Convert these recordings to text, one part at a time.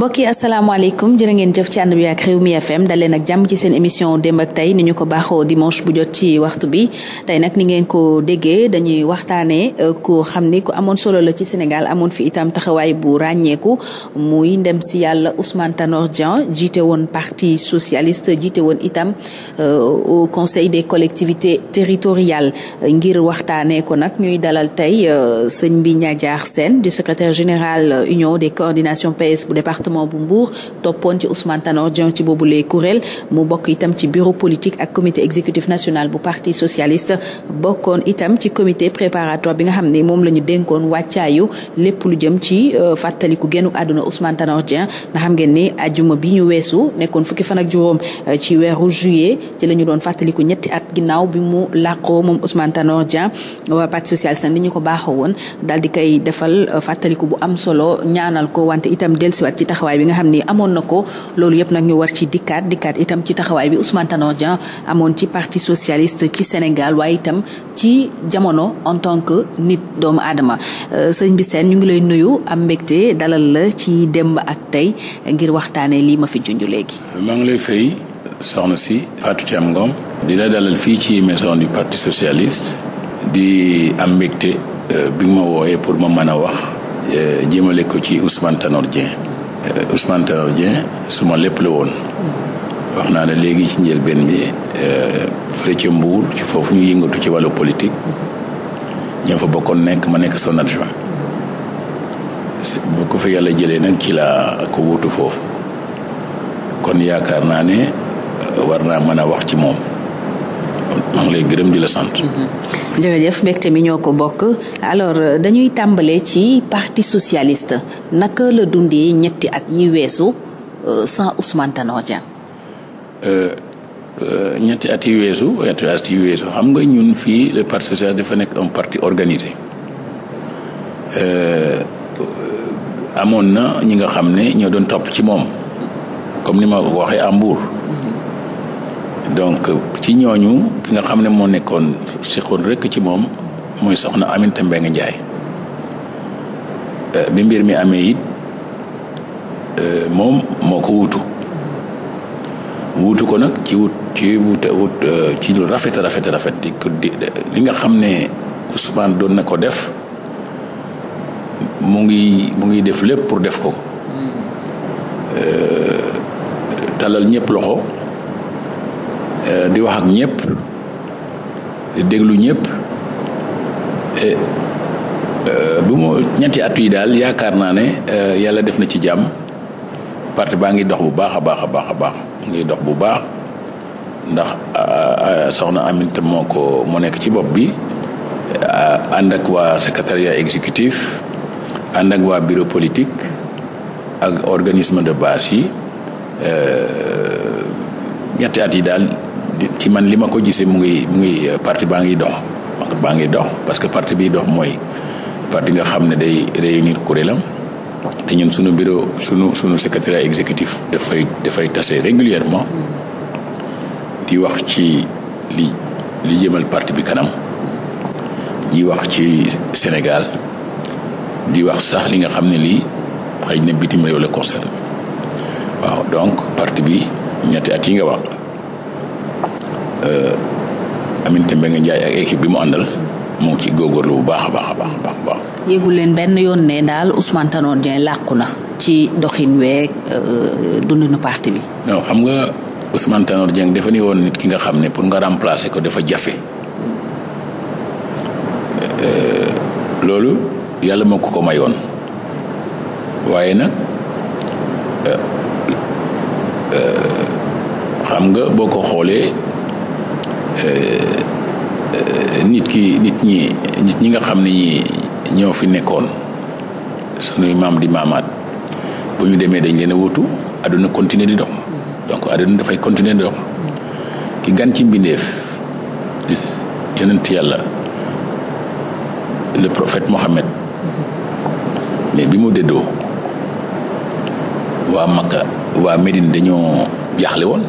mbokk yi asalaamaaleykum jërë ngeen jëf ci ànd bi ak Rewmi FM dal leen ak jàmm ci seen émission démbag tey ni ñu ko baaxoo dimanche bu jot ci waxtu bi tey nag ni ngeen ko déggee dañuy waxtaanee euh, ko xam ni ku amoon solo la ci Sénégal amoon fi itam taxawaay bu ràññeeku muy ndem si yàlla Ousmane Tanor Dieng jiite woon parti socialiste jiite woon itam euh, au conseil des collectivités territoriales ngir waxtaanee ko nag ñuy dalal tey euh, sëñ bi Ndiadiar seen di secrétaire général union des coordinations département bu Mbour toppoon ci Ousmane Tanor Dieng ci boobu lay kuréel mu bokk itam ci bureau politique ak comité exécutif national bu parti socialiste bokkoon itam ci comité préparatoire bi nga xam ne moom la ñu dénkoon wàccaayu lépp lu jëm ci euh, fàttaliku génnu àdduna Ousmane Tanor Dieng nga xam ngeen ni ajuma bi ñu weesu nekkoon fukki fan juróom euh, ci weeru juillet ci la ñu doon fàttaliku ñetti at ginnaaw bi mu làqoo moom Ousmane Tanor Dieng waa socialiste taxawaay bi nga xam ni amoon na ko loolu yëpp nag ñu war ci dikkat dikkaat itam ci taxawaay bi Ousmane Tanor Dieng amoon ci parti socialiste ci Sénégal waaye itam ci jamono en tant que nit doomu aadama euh, sëñ bi seen ñu ngi lay nuyu am mbégte dalal la ci demb ak tey ngir waxtaanee lii ma fi junj léegi. maa ngi lay fay soxna si Fatou Thiam Ngom. di la dalal fii ci maison du parti socialiste. di am mbégte euh, bi ma wooyee pour ma mën a wax. Euh, jëmale ko ci Ousmane Tanor Dieng. Euh, Ousmane Tanor Dieng suma lépp la woon wax naa ne léegi ci njëlbeen bi euh, fële ca mbuur ci foofu ñu yëngatu ci wàllu politique ñoo fa bokkoon nekk ma nekk son adjoint bu ko fa yàlla jëlee nag ci laa ko wuutu foofu kon yaakaar naa ne euh, war naa mën a wax ci moom maa ngi lay gërëm di la sant. jërëjëf mbégte mi ñoo ko bokk alors dañuy tàmbalee ci parti socialiste naka la dundee ñetti at yi weesu euh, sans Ousmane Tanor Dieng. Euh, euh, ñetti at weesu ñetti at xam nga ñun fii le parti socialiste dafa nekk un parti organisé. amoon na ñi nga xam ne ñoo doon topp ci moom comme ni ma ko waxee donc ci ñooñu ki nga xam ne moo nekkoon seqoon rekk ci moom mooy soxna Aminata Mbengue Ndiaye euh, bi mbir mi amee it euh, moom moo ko wuutu wuutu ko nag ci wut ci wut wut euh, ci lu rafet rafet rafet li nga xam ne Ousmane doon na ko def mu ngi mu ngi def lépp pour def ko hmm. talal ñëpp loxo. Euh, di wax ak ñëpp déglu ñëpp euh, bu mu ñetti at yi daal yaakaar naa ne euh, yàlla def na ci jàmm parti baa ngi dox bu baax a baax a baax a baax ngi dox bu baax ndax soxna Aminta moo ko moo nekk ci bopp bi a ak waa secrétariat exécutif ànd ak waa bureau politique ak organisme de baas yi ñetti at yi daal ci man li ma ko gisee mu ngi mu ngi euh, parti baa ngi dox baa ngi dox parce que parti bi dox mooy parti nga xam ne day réunir kuréelam te ñun suñu bureau suñu suñu secrétariat exécutif dafay dafay tase régulièrement di wax ci li li jëmal parti bi kanam di wax ci Sénégal di wax sax li nga xam ne lii xëy ne bitim réew la concerné waaw donc parti bi ñetti at yi nga wax Euh, Aminata Mbengue Ndiaye ak équipe bi mu àndal moo ci ciy góorgóorlu bu baax a baax baax baax. yéegul leen benn yoon ne daal Ousmane Tanor Dieng làqu na. ci doxin weeg euh, dundinu parti bi. non xam nga Ousmane Tanor dafa ni nit ki nga xam ne pour nga remplacer ko dafa jafe. Euh, loolu yàlla moo ko mayoon waaye nag xam nga boo ko xoolee. Euh, euh, nit ki nit ñi nit ñi nga xam ne ñi ñoo fi nekkoon sunuy maam di maamaat bu ñu demee dañ leen a wutu àdduna continuer di dox donc àdduna dafay continuer di dox ki gan ci mbindeef gis yonent yàlla le prophète Mohammed mais bi mu déddoo waa Makka waa Médine dañoo jaaxle woon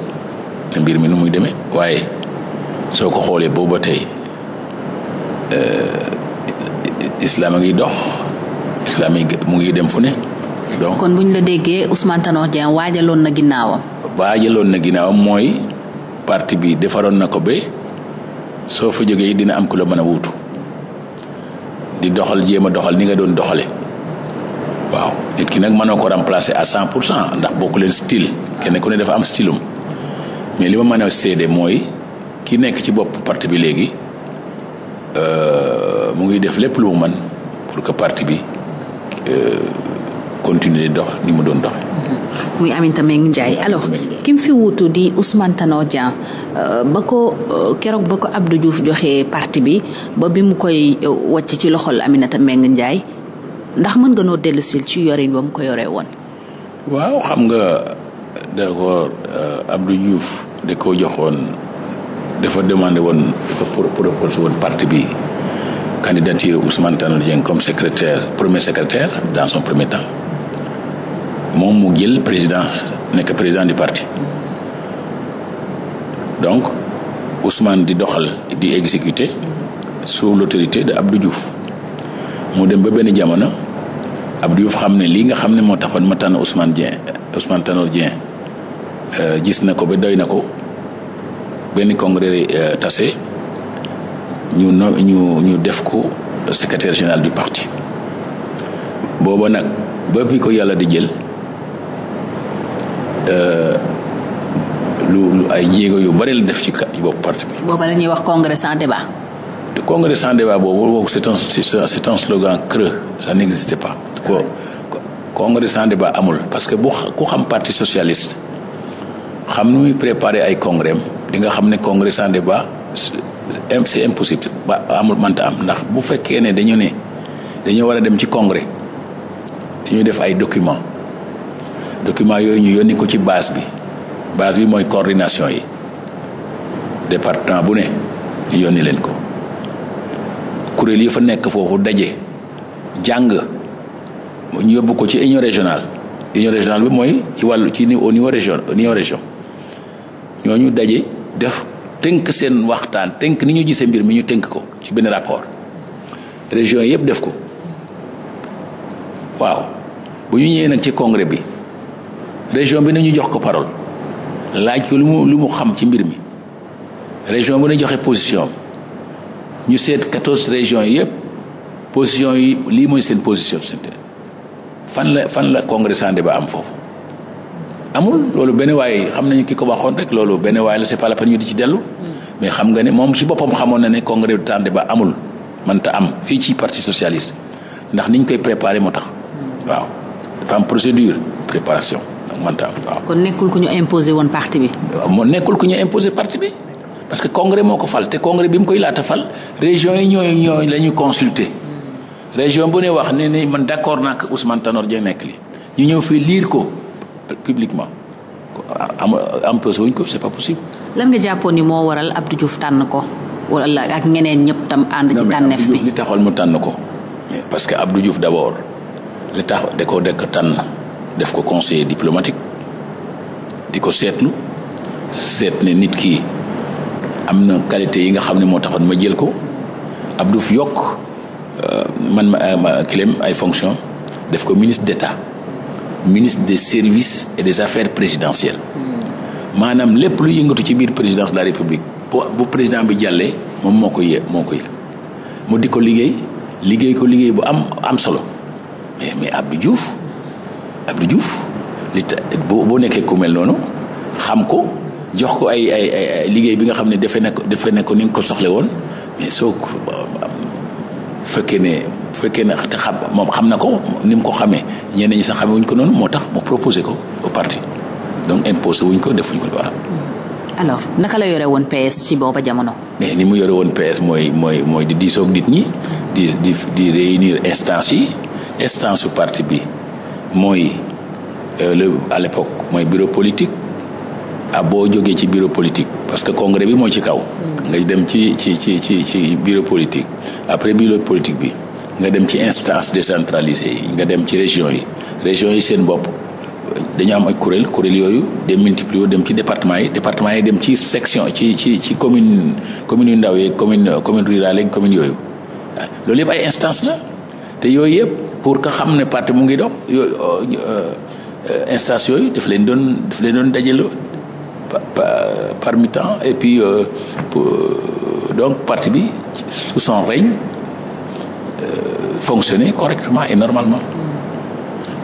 ne mbir mi nu muy demee waaye soo ko xoolee booba tey euh, islaam a ngi dox islam yi mu ngi dem fu ne donc kon bu ñu la déggee Ousmane Tanor Dieng waajaloon na ginnaawam. waajaloon na ginnaawam mooy parti bi defaroon na ko ba soo fa jógee dina am ku la mën a wutu di doxal jéem a doxal ni nga doon doxale waaw nit ki nag mënoo ko remplacer à cent pour cent ndax bokku leen style kenn ku ne dafa am stylum mais li ma mën a seede mooy. ki nekk ci bopp parti bi léegi euh, mu ngi def lépp lu mu mën pour que parti bi euh, continuer dox ni mu doon dox muy Aminata Mbengue Ndiaye alors ki mu fi wuutu di Ousmane Tanor Dieng euh, ba ko keroog ba ko Abdou Diouf joxee parti bi ba bi mu koy wàcc ci loxol Aminata Mbengue njaay ndax mën nga noo dellusil ci yorin ba mu ko yoree woon waaw xam nga da ko Abdou Diouf ko joxoon dafa demandé woon dafa proposé woon parti bi candidature Ousmane Tanor Dieng comme secrétaire premier secrétaire dans son premier temps moom mu jël présidence nekk président du parti donc Ousmane di doxal di exécuter sous l'autorité de Abdou Diouf mu dem ba benn jamono Abdou Diouf xam ne lii nga xam ne moo taxoon ma tànn Ousmane Dieng Ousmane Tanor Dieng euh, gis na ko ba doy na ko benn congrès euh, tase ñu no ñu ñu def ko secrétaire général du parti booba nag ba bi ko yàlla di jël euh, lu lu ay jéego yu bari la def ci kat ci bopp parti bi. booba la wax congrès sans débat. te congrès sans débat boobu c'est un c'est un slogan creux ça n'existait pas. ko amul. parce que bu ku xam parti socialiste xam nu muy préparer ay congrès am di nga xam ne congrès sans débat c'est impossible ba amul mënta am ndax bu fekkee ne dañu ne dañoo war a dem ci congrès dañuy def ay document document yooyu ñu yónni ko ci baas bi base bi mooy coordination yi département bu ne ñu yónni leen ko kuréel yi fa nekk foofu daje jàng ñu yóbbu ko ci union régionale union régionale bi mooy ci wàllu ci au niveau région union région ñooñu daje def tënk seen waxtaan tënk ni ñu gisee mbir mi ñu tënk ko ci benn rapport région yëpp def ko waaw bu ñu ñëwee nag ci congrès bi région bi nañu jox ko parole laaj ko lu mu lu mu xam ci mbir mi région bi na joxe position ñu seet quatorze régions yëpp position yi lii mooy seen position fan la fan la congrès sans débat am foofu amul loolu benn waay xam nañu ki ko waxoon rek loolu benn waay la c'est pas la peine ñu di ci dellu. mais xam nga ne moom si boppam xamoon na ne congrès du temps débat am fii ci parti socialiste ndax niñ koy préparé moo tax. waaw dafa am procédure préparation donc mënta am waaw. kon nekkul ku ñu imposé woon parti bi. moo nekkul ku ñu imposé parti bi parce que congrès moo ko fal te congrès bi mu koy laata fal région yi ñooy ñooy la ñu consulter. région bu ne wax ne ne man d'accord naa ko Ousmane Tanor jee nekk li ñu ñëw fii liir ko. publiquement am empêché wuñ ko c'est pas possible. lan nga jàppoon ni moo waral Abdou Diouf tànn ko wala ak ñeneen ñëpp tam ànd ci tànneef bi li taxoon mu tànn ko. parce que Abdou Diouf d'abord li tax da ko dekk tànn def ko conseiller diplomatique di ko seetlu seet ne nit ki am na qualité yi nga xam ne moo taxoon ma jël ko Abdou Diouf yokk euh, man ma kilém ay fonction def ko ministre d'État ministre des services et des affaires présidentielles maanaam lépp lu yëngatu ci biir présidence de la république bu président bi jàllee moom moo ko yë moo ko yël mu di ko liggéey liggéey ko liggéey bu am am solo mais mais Abdou Diouf Abdou Diouf li ta nekkee ku mel noonu xam ko jox ko ay ay ay liggéey bi nga xam ne dafay nekk dafay nekk ni nga ko soxle woon mais soo fekkee ne. fekkee ne te xam moom xam na ko ni mu ko xamee ñeneen ñi sax xamee wuñ ko noonu moo tax mu proposé ko au parti donc imposé wuñ ko defuñ ko voilà. alors naka la yore woon PS ci booba jamono. mais ni mu yore woon PS mooy mooy mooy di diisoog nit ñi di di di réunir instance yi instance su parti bi mooy euh, le à l'époque mooy bureau politique ah boo jógee ci bureau politique parce que congrès bi moo ci kaw. Hmm. nga dem ci ci ci ci ci bureau politique après bureau politique bi nga dem ci instance décentralisée yi nga dem ci région yi région yi seen bopp dañu am ay kuréel kuréel yooyu dem multiplier dem ci département yi département yi dem ci section ci ci ci commune commune yu ndaw yeeg commune commune rurale yeeg commune yooyu ah, loolu yëpp ay instance la te yooyu yëpp pour que xam ne parti mu ngi dox yooyu euh, instance yooyu daf leen doon daf leen doon dajale parmi temps et puis euh, pour euh, donc parti bi sous son règne Euh, fonctionner correctement et normalement.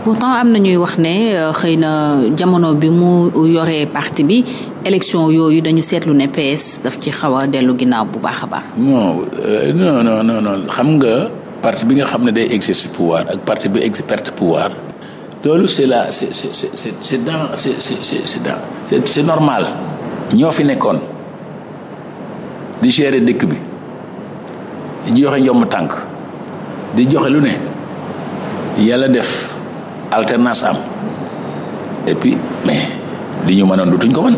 pourtant am na ñuy wax ne euh, xëy na jamono bi mu yoree parti bi élection yooyu dañu seetlu ne PS daf ci xaw a dellu ginnaaw bu baax a baax. Euh, non non non non xam nga parti bi nga xam ne day exercer pouvoir ak parti bi perte pouvoir. loolu c'est la c'est dans c'est normal. ñoo fi nekkoon di gérer dëkk bi di joxe njomb tànk. di joxe lu ne yàlla def alternance am et di mais li ñu mënoon dutuñ ko mën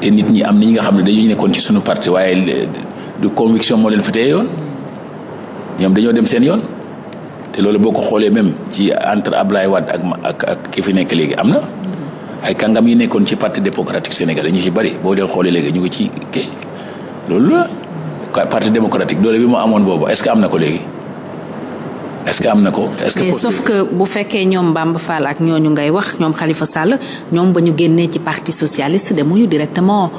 te nit ñi am ni ñi nga xam ne dañuy nekkoon ci suñu parti waaye du conviction moo leen fi teye yoon ñoom dañoo dem seen yoon te loolu boo ko xoolee même ci entre Ablaye Wade ak ak ak ki fi nekk léegi am na ay kàngam yi nekkoon ci parti démocratique sénégalais ñu ci bari boo dee xoolee léegi ñu ngi ci kii loolu la parti démocratique doole bi mu amoon boobu est-ce que am na ko léegi. est-ce que am na ko. est-ce que que bu fekkee ñoom Bamba Fall ak ñooñu ngay wax ñoom xalifa Sall ñoom ba ñu génnee ci parti socialiste ñu directement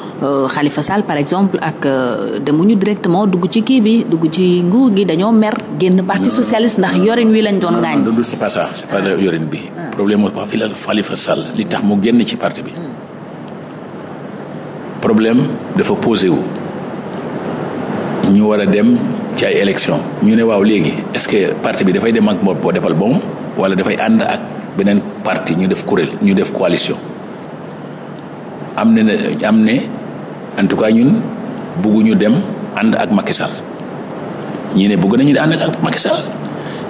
xalifa euh, Sall par exemple ak dem euh, demuñu directement dugg ci kii bi dugg ci nguur gi dañoo mer génn parti socialiste ndax yorin wi lañ doon. gaañ non c'est pas yorin bi. Ah. problème mu fi la Khalifa Sall li tax mu génn ci parti bi. Hmm. problème dafa posé ñu war dem. ci ay élection ñu ne waaw léegi est-ce que parti bi dafay dem ak moo boo defal boom wala dafay ànd ak beneen parti ñu def kuréel ñu def coalition am ne am ne en tout cas ñun bugguñu dem ànd ak Macky Sall bugg nañu ànd ak Macky Sall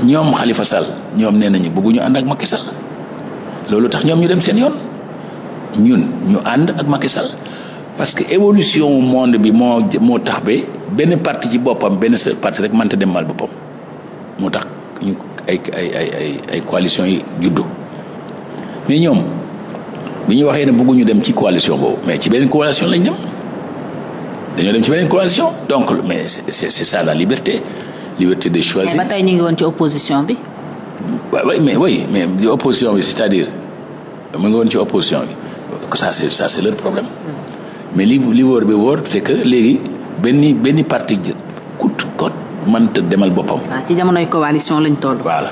ñoom xalifa sal ñoom nee nañu bugguñu ànd ak Macky Sall loolu tax ñoom ñu dem seen yoon ñun ñu ànd ak Macky Sall parce que évolution monde bi moo moo tax ba benn parti ci boppam benn sa parti rek mënta demal boppam moo tax ñu ay ay ay ay ay coalition yi juddu mais ñoom bi ñu waxee ne bëgguñu dem ci coalition boobu mais ci benn coalition lañ dem dañoo dem ci beneen coalition donc mais c'est c'est ça la liberté liberté de choisir. mais ba tey ñu ngi woon ci opposition bi. waaw mais oui mais opposition bi c'est-à-dire mu ngi woon ci opposition bi ça c'est ça c'est leur problème. Mm. mais li li wóor bi wóor c'est que léegi benn benn parti kut kot mënta demal boppam. waaw ci jamonoy coalition lañ toll. voilà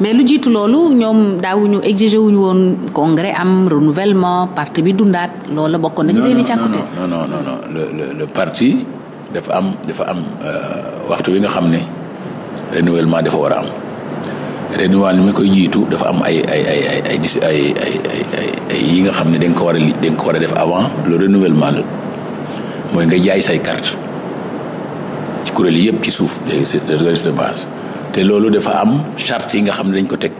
mais lu jiitu loolu ñoom daawuñu exiger wuñu woon congrès am renouvellement parti bi dundaat loola bokkoon na ci no i càkkuteef. non le parti dafa am dafa am euh, waxtu wi nga xam ne renouvellement dafa war a am. renoual mi koy jiitu dafa am ay ay ay ay ay ay yi nga xam ne da ko war a li da war a def avant le renouvellement la mooy nga jaay say carte ci kuréel yëpp ci suuf des organismes de base te loolu dafa am charte yi nga xam dañ ko teg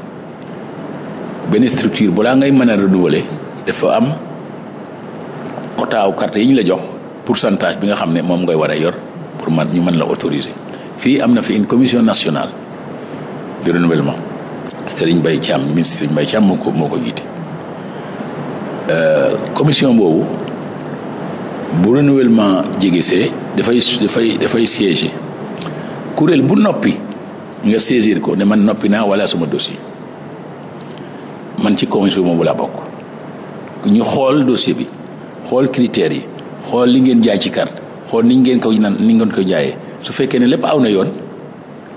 benn structure balaa ngay mën a renouveler dafa am quota wu carte yi ñu la jox pour pourcentage bi nga xam ne moom ngay war a yor pour man ñu mën la autoriser fii am na fi une commission nationale du renouvellement Serigne Mbaye Thiam ministre Serigne Mbaye Thiam moo ko moo ko jiite euh, commission boobu bu renouvellement jégisee dafay dafay dafay siéger kuréel bu noppi nga saisir ko ne man noppi naa wala sama dossier man ci commission boobu laa bokk ñu xool dossier bi xool critères yi xool li ngeen jaay ci carte xool niñ ngeen ko nan ni ngeen koy jaayee su fekkee ne lépp aw na yoon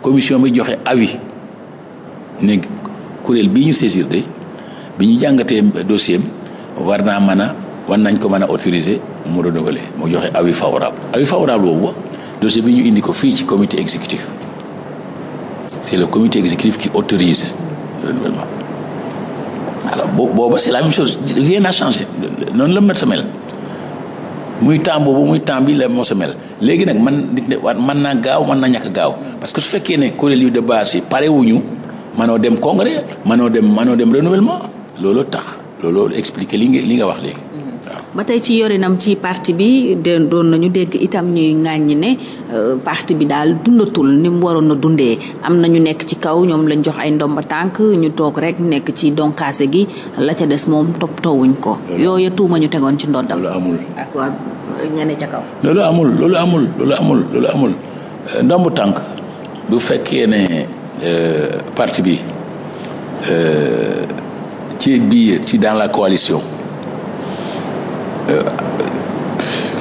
commission bi joxe avis ne kuréel bii ñu saisir de bi ñu jàngatee dossier war naa mën a war nañ ko mën a autoriser mu renouveler mu joxe avis favorable avis favorable boobu dossier bi ñu indi ko fii ci comité exécutif c'est le comité exécutif qui autorise le renouvellement alors booba c'est la même chose rien n'a changé noonu la mën sa muy temps boobu muy temps bi la moo sa mel léegi nag man war mën naa gaaw mën naa ñàkk gaaw parce que su fekkee ne kuréel yu de base yi pare manoo dem congrès manoo dem manoo dem renouvellement looloo tax looloo expliqué li nga li nga wax léegi. ba tey ci yorinam ci parti bi de doon nañu dégg itam ñuy ŋàññi ne euh, parti bi daal dundatul ni waroon na dundee am na ñu nekk ci kaw ñoom lañ jox ay ndomba tànk ñu toog rek nekk ci donkaase gi la ca des moom toppatoowuñ ko. yooya tuuma ñu tegoon ci ndoddam. loolu amul ak ca kaw. loolu amul loolu amul amul loolu amul euh, ndomb tànk bu fekkee ne. Euh, partie bi euh, ci biir ci dans la coalition euh,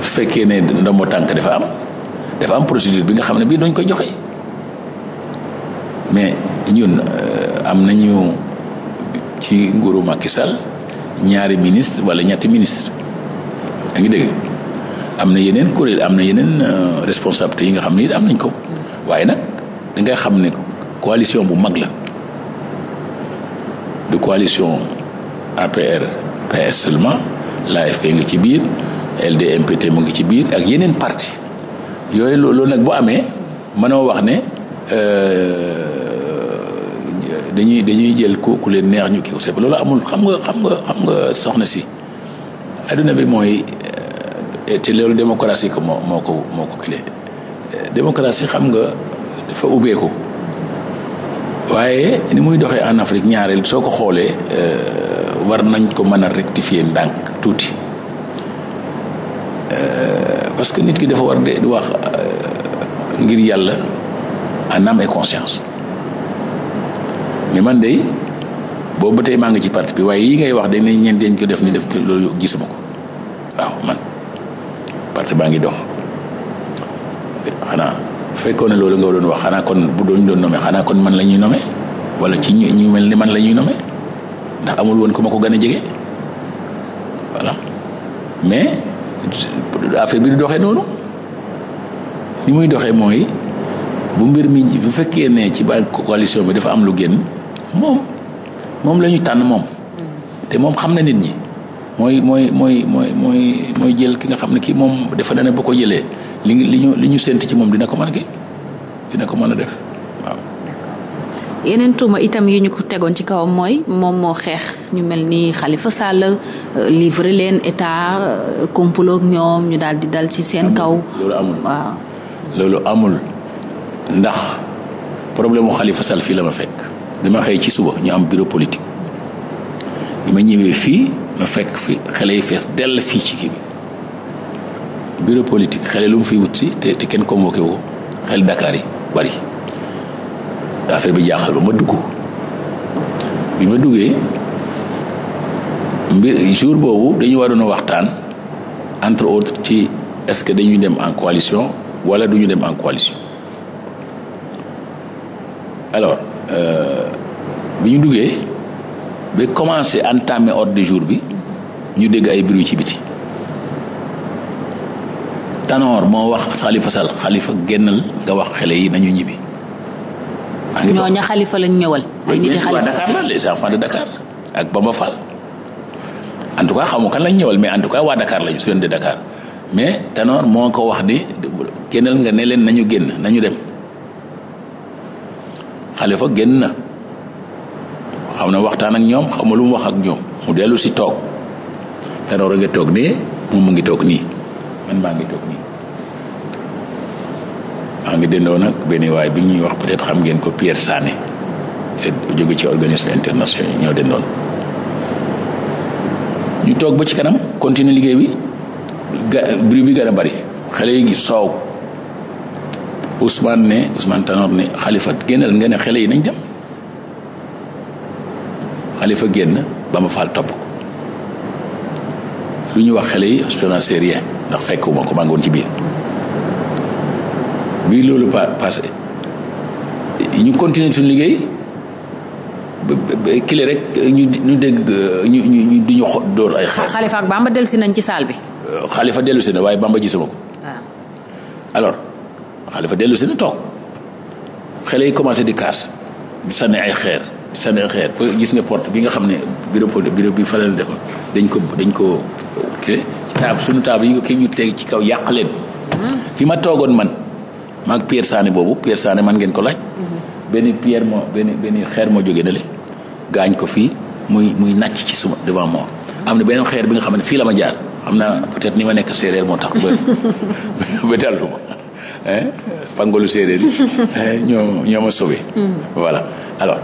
fekkee ne ndombo tànk dafa am dafa am procédure bi nga xam ne bii dañ koy joxe mais ñun am nañu ci nguuru Macky Sall ñaari ministre wala ñetti ministre da ngi dégg am na yeneen kuréel am na yeneen responsabilité yi nga xam ne it am nañ ko waaye nag dangay xam ne coalition bu mag la du coalition APR PS seulement l'AFP ngi ci biir LDMPT mu ngi ci biir ak yeneen parti yooyu loolu nag bu amee mënoo wax ne euh, dañuy dañuy jël ku ku leen neex ñu kii ko loolu amul xam nga xam nga xam nga soxna si adduna bi mooy euh, te loolu démocratie ko moo moo ko moo ko clé euh, démocratie xam nga dafa ubbeeku waaye ni muy doxee en Afrique ñaareel soo ko xoolee euh, war nañ ko mën a rectifier ndànk tuuti euh, parce que nit ki dafa war de wax euh, ngir yàlla en âme et conscience mais man de boobu ba tey maa ngi ci parti bi waaye yi ngay wax dañ ne ñeen dañ ko def ni def loolu gisuma ko waaw man parti baa ngi dox xanaa fekkoon na loolu nga doon wax xanaa kon bu doon doon nommé xanaa kon man la ñuy nommé wala ci ñu ñu mel ni man la ñuy nommé ndax amul woon ku ma ko gën a jege voilà mais affaire bi du doxee noonu ni muy doxee mooy bu mbir mi bu fekkee ne ci ba coalition bi dafa am lu génn moom moom la tànn moom. te moom xam na nit ñi. mooy mooy mooy mooy mooy mooy jël ki nga xam ne kii moom defe na ne bu ko jëlee li li ñu li ñu sént ci moom dina ko mën a dina ko mën a def waaw. yeneen tuuma itam yi ñu ko tegoon ci kawam mooy moom moo xeex ñu mel ni Khalifa Sall euh, livrer leen état complot euh, ak ñoom ñu daal di dal ci seen kaw. loolu amul waaw. amul ndax problème mu Khalifa Sall fii la ma fekk. dama xëy ci suba ñu am bureau politique ma ñëwee fii ma fekk fi xale fees dell fii ci kii bureau politique xale lu mu fiy wut si te kenn convoqué xel Dakar yi. bari affaire bi jaaxal ba ma dugg bi ma duggee mbir jour boobu dañu waroon waxtaan entre autres ci est-ce que dañuy dem en coalition wala duñu dem en coalition alors euh, bi ñu duggee ba commencé entamer ordre du jour bi ñu dégg ay bruit ci biti Tanor moo wax xalifa Sall xalifa génnal nga wax xale yi nañu ñibbi. maa ngi ñooña xalifa lañ ñëwal. ay nit ak Bamba en tout cas xamu kan lañ mais en tout cas waa Dakar lañu su leen de Dakar mais Tanor moo ko wax ni génnal nga ne leen nañu génn nañu dem xalifa génn na. xam na waxtaan ak ñoom xaw lu wax ak ñoom mu dellu si toog Tanor a nga toog nii mu ngi nii man maa ngi toog nii maa ngi dendoo nag benn waay bi ñuy wax peut-être xam ngeen ko Pierre Sané te jóge ci organisme international ñoo dendoon ñu toog ba ci kanam continuer liggéey bi ga bruit bi gën a bari xale yi gi soow Ousmane ne Ousmane Tanor ne Khalifa génnal nga ne xale yi nañ dem xalifa génn ba ma faal topp lu ñu wax xele yi je n'en sais ndax fekkuma ko maa ngoon ci biir bi loolu pa passé ñu continuer suñu liggéey kile rek ñu ñu dégg ñu ñu ñu dóor ay xeer. xalifa ak Bamba dellusi nañ ci saal bi. Euh, xalifa dellusi na waaye Bamba gisuma ko. Ah. alors xalifa dellusi na toog xale yi commencé di kaas di sànni ay xeer di sànni ay xeer gis nga porte bi nga xam ne bureau bureau bi fa de defoon dañ ko dañ ko kii suñu taab yi ñu ko ñu teg ci kaw yàq leen. Hmm. fi ma toogoon man. maag Pierre Sané boobu Pierre Sané man ngeen ko laaj. benn pierre moo benn benn xeer moo jógee na le gaañ ko fii muy muy nàcc ci suma devant moi. am na benn xeer bi nga xam ne fii la ma jaar am na peut-être ni ma nekk séeréer moo tax ba ba dallu ma pangolu séeréer yi ñoo ñoo ma sauvé. voilà alors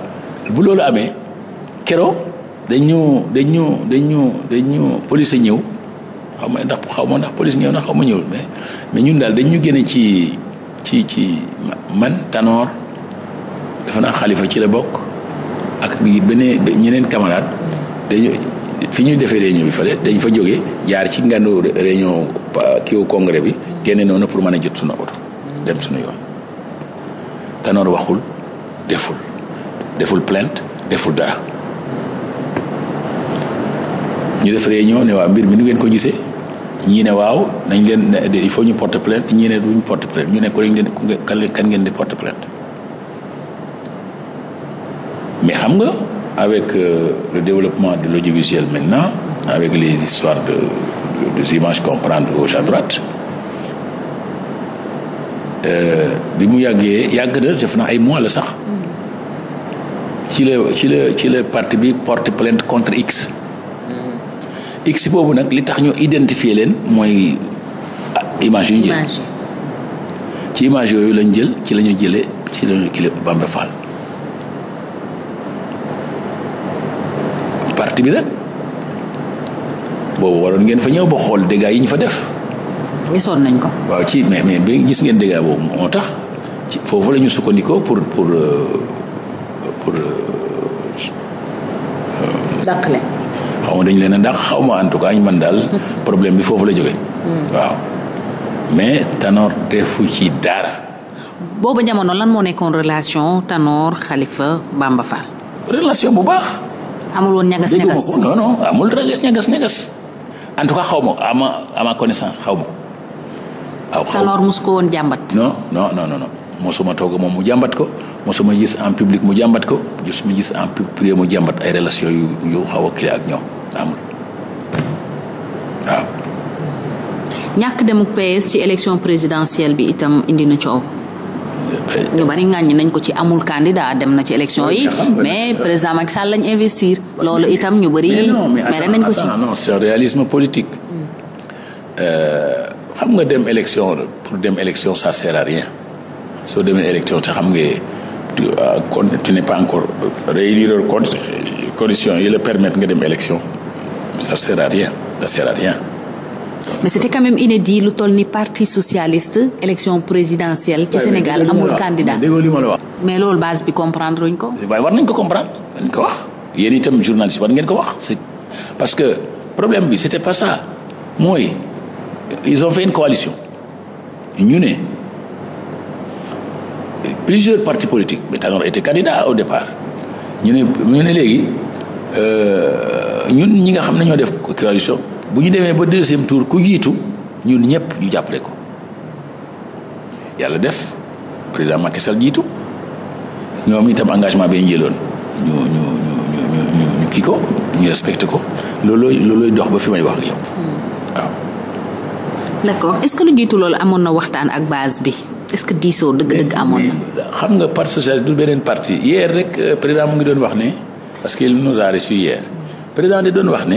bu loolu amee kero dañu dañu dañu dañu police ñëw xam ma ndax xaw ma ndax police ñëw na xaw ma ñëw mais mais ñun daal dañu génne ci. ci ci man tanoor dafa naa xalifa ci la bokk ak beneen ñeneen camarade dañu fi ñuy defee réunion bi fale dañ fa jóge jaar ci ngandu réunion kiiwu congrès bi génne noonu pour mën a jot sunu oto dem sunu yoon Tanor waxul deful deful plainte deful dara ñu def réunion ne waa mbir mi nu ngeen ko gisee ñii ne waaw nañ leen il faut ñu porter plainte ñii ne duñ porter plainte ñu ne ko dañ leen kan ngeen di porter plainte mais xam nga avec euh, le développement de l'audiovisuel maintenant avec les histoires de des images qu'on prend de gauche euh, bi mu yàggee yàgg na def na ay mois la sax mm. ci la ci la ci la parti bi porte plainte contre X x boobu nag li tax ñu identifier leen mooy image yu ñu ci image yooyu lañ jël ci la ñu jëlee ci la ñu kile Bamba Fall parti bi nag boobu waroon ngeen fa ñëw ba xool dégâts yi ñu fa def. gisoon nañ ko. waaw ci mais mais bi gis ngeen dégâts boobu moo tax ci foofu lañu sukkandikoo pour pour euh, pour. Euh, xaw ma dañ leen a ndax xaw ma en tout cas man daal problème bi foofu la jóge waaw mais Tanor defu ci dara. booba jamono lan moo nekkoon relation tanoor xalifa Bamba Fall. relation bu baax. amul woon ñagas ñagas dégg non non en tout cas xaw ma ama ama connaissance xaw ma. aw xaw woon jàmbat. non non non non mosuma moom mu jàmbat ko. mosuma gis en public mu jàmbat ko mosuma gis en privé mu jàmbat ay relation yu yu xaw a clé ak ñoom amul waaw. ñàkk demuk PS ci élection présidentielle bi itam indi na coow. Eh, ñu bari ŋàññi nañ ko ci amul candidat dem na ci élection yi mais euh, président Macky Sall lañ investir loolu itam ñu bari mere nañ ko ci non c'est un réalisme politique mm. euh, xam nga dem élection pour dem élection ça sert soo demee élection te xam nga kon euh, tu n'es pas encore réunir conditions yi la permettre nga dem élection ça sert à rien ça sert à rien. mais c'était quand même inédit lu toll ni parti socialiste élection présidentielle. ci Sénégal amul candidat déggoo la wax. mais loolu base bi comprendre luñ ko. waaye war nañ ko comprendre nañ ko wax yéen itam journaliste war ngeen ko wax c'est parce que problème bi c'était pas ça mooy ils ont fait une coalition ñu ne. plusieurs partis politiques mais Tanor était au départ ñu ne ñu ne léegi euh, ñun ñi nga xam ne ñoo def coalition bu ñu demee ba deuxième tour ku jiitu ñun ñëpp ñu jàppale ko yàlla def président Macky Sall jiitu ñoom itam engagement bi ñu ñu ñu kii ko ñu respecté ko loolooy loolooy dox ba fi may wax ak yow hmm. d'accord est que lu jiitu loolu amoon na waxtaan ak base bi. est-ce que diisoo dëgg-dëgg amoon na. xam nga parti socialiste du beneen parti hier rek euh, président mu ngi doon wax ne parce qu'il nous a reçu hier président di doon wax ne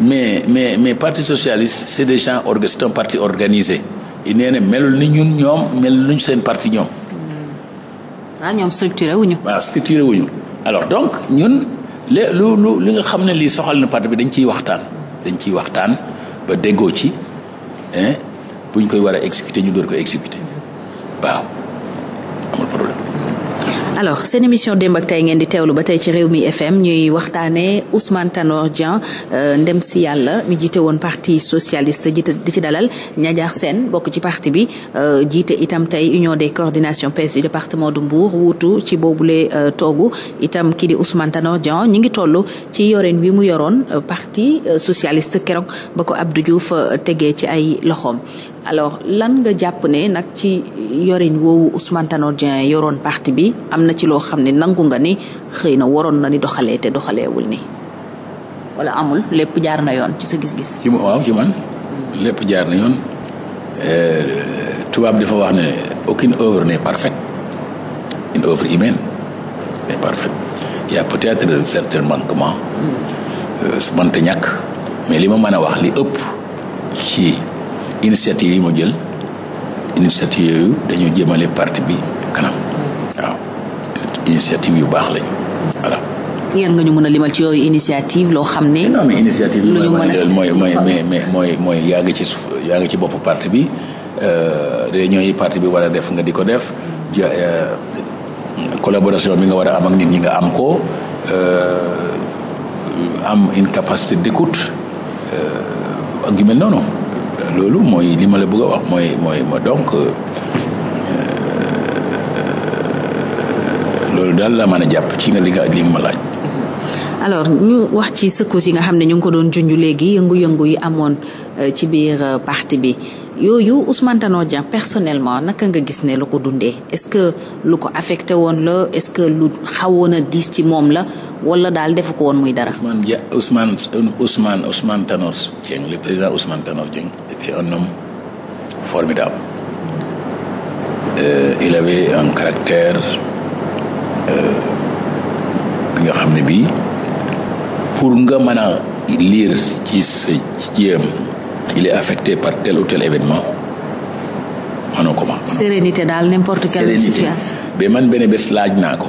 mais mais mais parti socialiste c'est des gens orga c'est parti organisé. nee na melul ni ñun ñoom melul ñu seen parti ñoom. waaw hmm. ah, ñoom wu wuñu. waaw structuré alors donc ñun le lu lu li nga xam ne lii soxal na parti bi dañ ciy waxtaan dañ ciy waxtaan ba déggoo ci ñu koy war a exécuter ñu door ko exécuter. waaw alors seen émission démb ak tey ngeen di teewlu ba tey ci réew mi FM ñuy waxtaanee Ousmane Tanor euh, ndem si yàlla mi jiite woon parti socialiste jiite di ci dalal Niadiar seen bokk ci parti bi euh, jiite itam tey union des coordination PS du département du Mbour wuutu ci boobule euh, toogu itam kii di Ousmane Tanor Dieng ñi ngi toll ci yoreen wi mu yoroon parti socialiste keroog ba ko Abdou Diouf tegee ci ay loxoom alors lan nga jàpp ne nag ci yorin woowu Ousmane Tanor Dieng yoroon parti bi am na ci loo xam ne nangu nga ni xëy na waroon na ni doxalee te doxaleewul ni wala amul lépp jaar na yoon ci sa gis-gis. ci waaw ci man hmm. lépp jaar na yoon euh, tubaab dafa wax ne aucune œuvre n'est parfaite une œuvre humaine n'est parfaite il y a peut-être certains manquements. su hmm. euh, mënta ñàkk mais li ma mën a wax li ëpp ci. initiative yi ma jël initiative yooyu dañoo jëmale parti bi kanam waaw initiative yu baax lañu voilà. yan nga ñu mën a limal ci yooyu initiative loo xam ne. Eh non mais initiative lu ñu mën a mooy mooy mooy mooy yaa ngi ci suuf yaa ngi ci bopp parti bi euh, réunion yi parti bi war a def nga di ko def euh, collaboration bi nga war a am ak nit ñi nga am ko euh, am une capacité d'écoute ak yu mel noonu. loolu mooy li ma la bëgg a wax mooy mooy ma donc euh, loolu daal la mën a jàpp ci nga li nga ma laaj. alors ñu wax ci secousses yi nga xam ne ñu ngi ko doon junj léegi yëngu-yëngu yi amoon euh, ci biir euh, parti bi yooyu Ousmane Tanor Dieng personnellement naka nga gis ne la ko dundee est-ce que lu ko affecté woon la est-ce que lu xawoon a diis ci moom la walla daal defu ko woon muy dara. Ousmane Ousmane Ousmane Ousmane Tanor Dieng le président Ousmane Tanor Dieng était un homme formidable. Euh, il avait un euh, bi nga xam ne bii pour nga mën a lire ci sa ci jéem il est affecté par tel ou tel événement mënoo ko ma. sérénité daal n'importe quelle situation. mais man benn bes laaj naa ko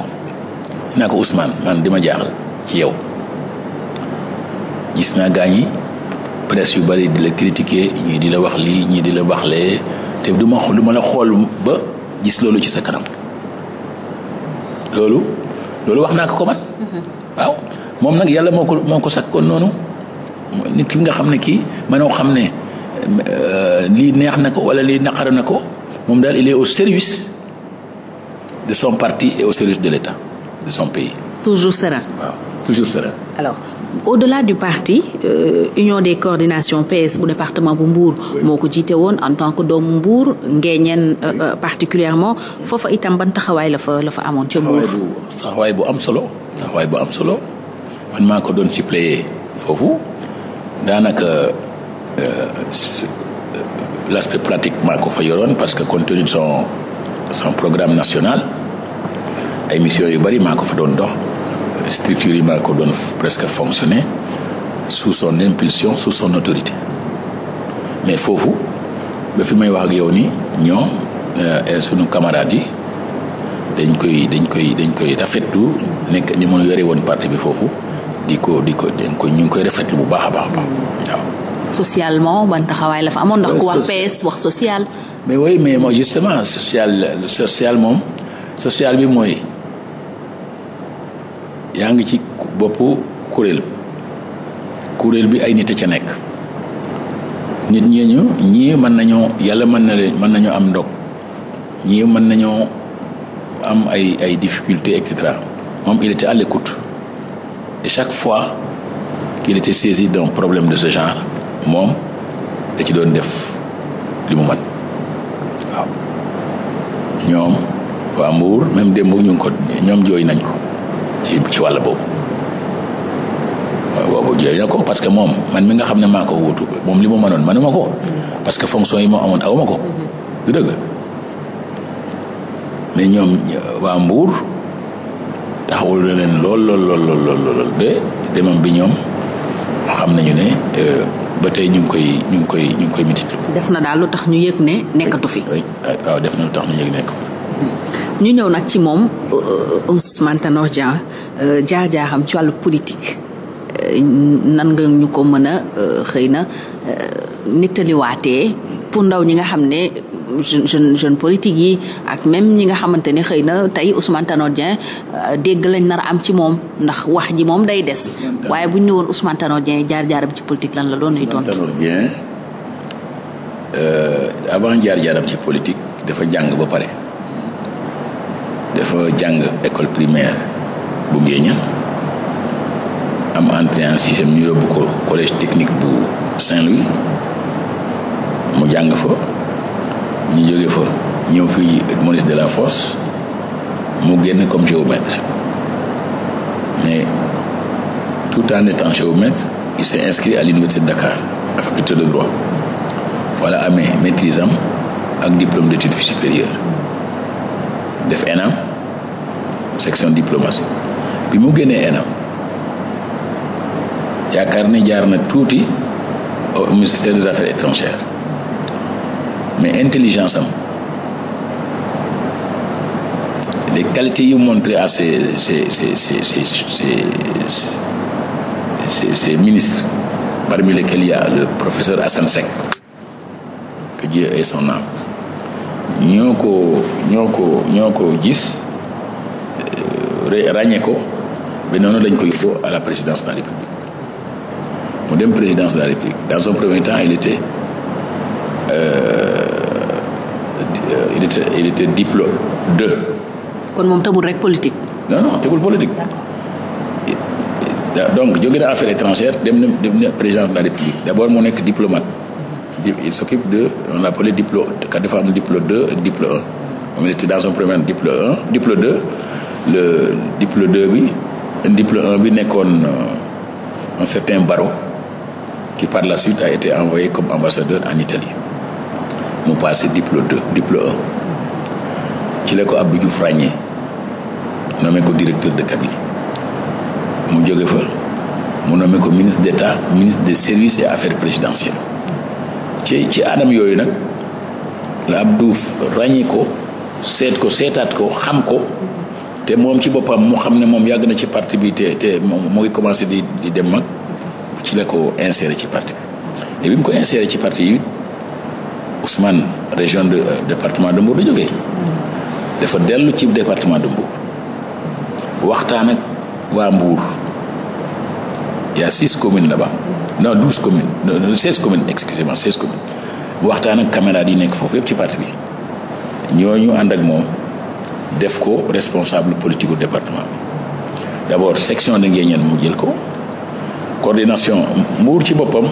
naa ko Ousmane man dima jaaxal ci yow gis naa gaañ presse yu bari di la critiquer ñii di la wax lii ñii di la wax te du ma du ma la xool ba gis loolu ci sa kanam loolu loolu wax naa ko ko man waaw moom nag yàlla moo ko moo ko koon noonu nit ki nga xam ne kii mënoo xam ne euh, lii neex na ko wala lii naqara na ko moom daal il est au service de son parti et au service de l'État de son pays. toujours serein. au-delà du parti euh, union des coordination PS bu departement bu mbuur moo ko jiite woon en tant que doomu Mbour ngeeñeen euh, euh, particulièrement foofa itam ban taxawaay la fa la amoon ca Mbour taxawaay bu am solo taxawaay bu am solo man maa ko doon suppléer foofu daanaka euh, l'aspect pratique maa ko fa yoroon parce que compte son son programme national ay missions yu bari maa ko fa doon dox structure yi ko doon presque fonctionner sous son impulsion sous son autorité mais foofu ba fi may wax ak yow ni ñoom euh, sunu camarades yi dañ koy dañ koy dañ koy rafetlu nekk ni mu yore woon partie bi foofu di ko di ko dañ ko ñu ngi koy rafetlu bu baax a baax mm. waaw. socialement ban taxawaay la fa amoon ndax ku wax PS wax social. mais oui mais mooy justement social social moom social bi mooy. yaa ngi ci boppu kuréel kuréel bi ay nit a ca nekk nit ñu ñii mën nañoo yàlla mën na leen mën nañoo am ndog ñii mën nañoo am ay ay difficultés et cetera moom il était à l'écoute et chaque fois qu'il était saisi donc problème de ce genre moom da ci doon def li mu waaw ñoom waa Mbour même démb ñu ko ñoom jooy nañ ko ci ci wàll boobu boobu jooy na ko parce que moom man mi nga xam ne maa ko wutu moom li mu mënoon mënuma ko parce que fonction yi moo amoon awuma ko du dëgg mais ñoom waa Mbuur taxawul na leen lool lool lool lool lool demam bi ñoom xam nañu ne euh, ba tey ñu ngi koy ñu ngi koy ñu ngi koy mitit def na daal lu tax ñu yëg ne nekkatu fi waaw def na lu tax ñu yëg nekk ñu ñëw nag ci moom euh, Ousmane Tanor Dieng euh, jaar-jaaram ci wàllu politique euh, nan nga ñu ko mën a xëy na nittaliwaatee pour ndaw ñi nga xam ne jeune jeune politique yi ak même ñi nga xamante ne xëy na tey Ousmane Tanor Dieng dégg lañ nar a am ci moom ndax wax ji moom day des waaye bu ñu ñëwoon Ousmane Tanor Dieng jaar-jaaram ci politique lan la doon lay doon. Tanor Dieng jaar-jaaram ci politique dafa jàng ba pare. dafa jàng école primaire bu Guéña am entrée en sixième ñu yóbbu ko collège technique bu Saint-Louis mu jàng fa ñu jóge fa ñëw fii la Delafosse mu génn comme géomètre mais tout en étant géomètre il s'est inscrit à l'université de Dakar à faculté de droit voilà amee maîtrise am ak diplôme d'études supérieures def ENAM section diplomatie bi mu génnee ENAM yaakaar ni jaar na tuuti au ministère des affaires étrangères mais intelligence am les qualités yu montré à ces ces ces ces ces ces ces ministres parmi lesquels il le professeur Assane Seck que Dieu ait son âme ñoo ko ñoo ko ñoo ko gis ràññee ko ba noonu lañ ko yóbboo à la présidence de la république mu dem présidence de la république dans un premier temps il était euh, il kon moom tëbul rek politique. non non tëbul politique. donc jóge na affaires étrangères dem dem présidence de la république d' abord nekk diplomate. il s'occupe de on appelait diplo kat dafa am diplo deux moom il était dans un premier diplo un diplo le diplôme 2 bi diplôme 1 bi nekkoon euh, un certain Barrot qui par la suite a été envoyé comme ambassadeur en Italie mu passé diplôme 2 diplôme 1 ci la ko Abdou Diouf ràññee nome ko directeur de cabinet mu jóge fa mu nommé ko ministre d'État ministre des services et affaire présidentielles ci ci anam yooyu nag la Abdou Diouf ràññee ko seet ko seetaat ko xam ko te moom ci boppam mu xam ne moom yàgg na ci parti bi te moom mu ngi commencé di di dem mag ci la ko inséré ci parti bi et bi mu ko inséré ci parti yi Ousmane région de euh, département de Mbour la jógee dafa dellu ci département de Mbour waxtaan ak waa Mbour y a commune la ba bas non douze communes non seize communes excusez-moi seize communes waxtaan ak camarades yi nekk foofu yëpp ci parti bi ñooñu ànd ak moom. def ko responsable politique au département bi d' abord section de Nguéniène mu jël ko coordination Mbour ci boppam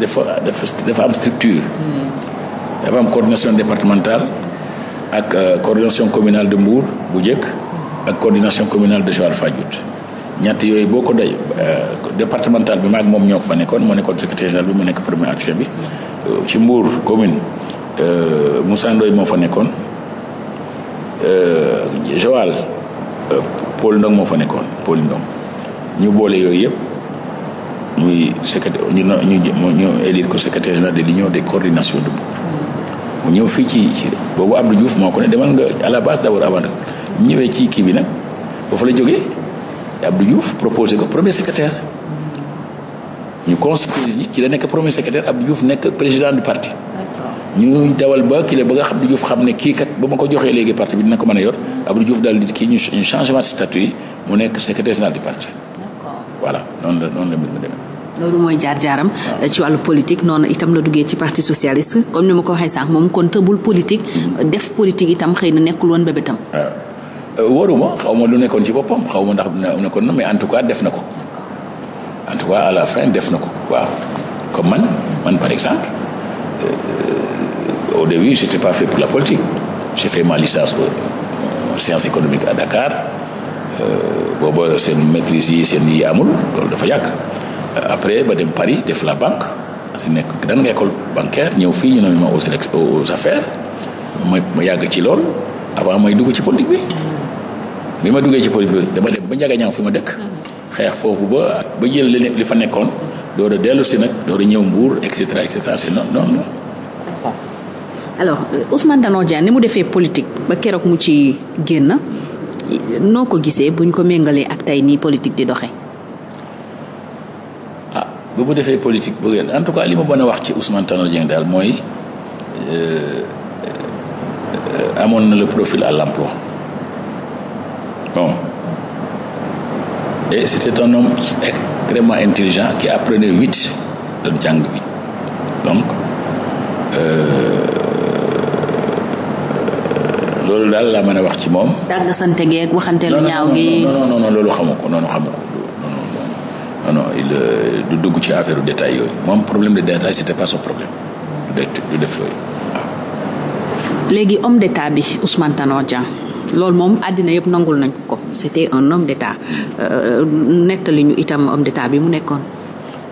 dafa dafa dafa am structure hmm. dafa am coordination départementale ak euh, coordination communale de mbuur bu njëkk ak coordination communale de Joal Fadiouth ñett yooyu boo ko day euh, départemental bi maag moom ñoo fa nekkoon moo nekkoon secrétaire général bi mu nekk premier adjoint bi euh, ci Mbour commune Moussa Ndoye moo fa nekkoon Euh, Joal euh, Paul Ndong moo fa nekkoon Paul Ndong ñu boole yooyu yëpp muy secrétaire ñu ñu ñu élire ko secrétaire na de l'union des coordinations de mu ñëw fii ci ci boobu Abdou juuf moo ko ne demal nga à la base d' abord avant ñëwee ci kii bi nag ba fa la jógee Abdou Diouf proposé ko premier secrétaire. ñu constitué ci la nekk premier secrétaire Abdou juuf nekk président du parti. ñu dawal ba kii la ba nga xam ne Diouf xam ne kii kat ba ma ko joxee léegi parti bi dina ko mën a yor Abdou Diouf daal di kii ñu changement de statut yi mu nekk secrétaire général du parti. d'accord voilà loolu mooy jaar-jaaram ci wàllu politique noonu itam la duggee ci parti socialiste comme ni ma ko waxee sànq moom kon tëbul politique mm-hmm. def politique itam xëy na nekkul woon bébé tam. Euh, waruma xaw ma lu nekkoon ci boppam xaw ma ndax nekkoon na mais en tout cas def na ko en tout cas à la fin def na ko waaw comme man man par exemple euh, au début, j'étais pas fait pour la politique. J'ai fait ma licence en sciences économiques à Dakar. Euh, booba seen maîtrise yi seen yi amul loolu dafa yàgg après ba dem Paris def la banque si nekk daan nga école bancaire ñëw fii ñu ne ma aux élex aux affaires ma ma yàgg ci lool avant may dugg ci politique bi bi ma duggee ci politique bi dama dem ba njaga ñaaw fi ma dëkk xeex foofu ba ba jël li fa nekkoon door a dellu si nag door ñëw mbuur et cetera et cetera c'est non alors euh, Ousmane Tanor Dieng ni mu defee politique ba keroog mu ci génn noo ko gisee buñ ko méngalee ak tey nii politique di doxee. ah ba mu defee politique bu génn en tout cas li ma mën wax ci Ousmane Tanor Dieng daal mooy euh, euh, amoon na le profile à l'emploi bon e c'était un homme extrêmement intelligent qui apprenait vite doon jàng bi donc. loolu daal laa mën a wax ci moom. dàgg sant geeg waxante lu ñaaw gi. non non non loolu xamu ko noonu xamu ko euh, du dugg ci affaire détail yooyu moom problème de détail c'était pas son problème du def yooyu waaw. léegi homme d'état bi Ousmane Tanor Dieng loolu moom àddina yëpp nangul nañ ko ko c'était un homme d'état euh, nettali ñu itam homme d'état bi mu nekkoon.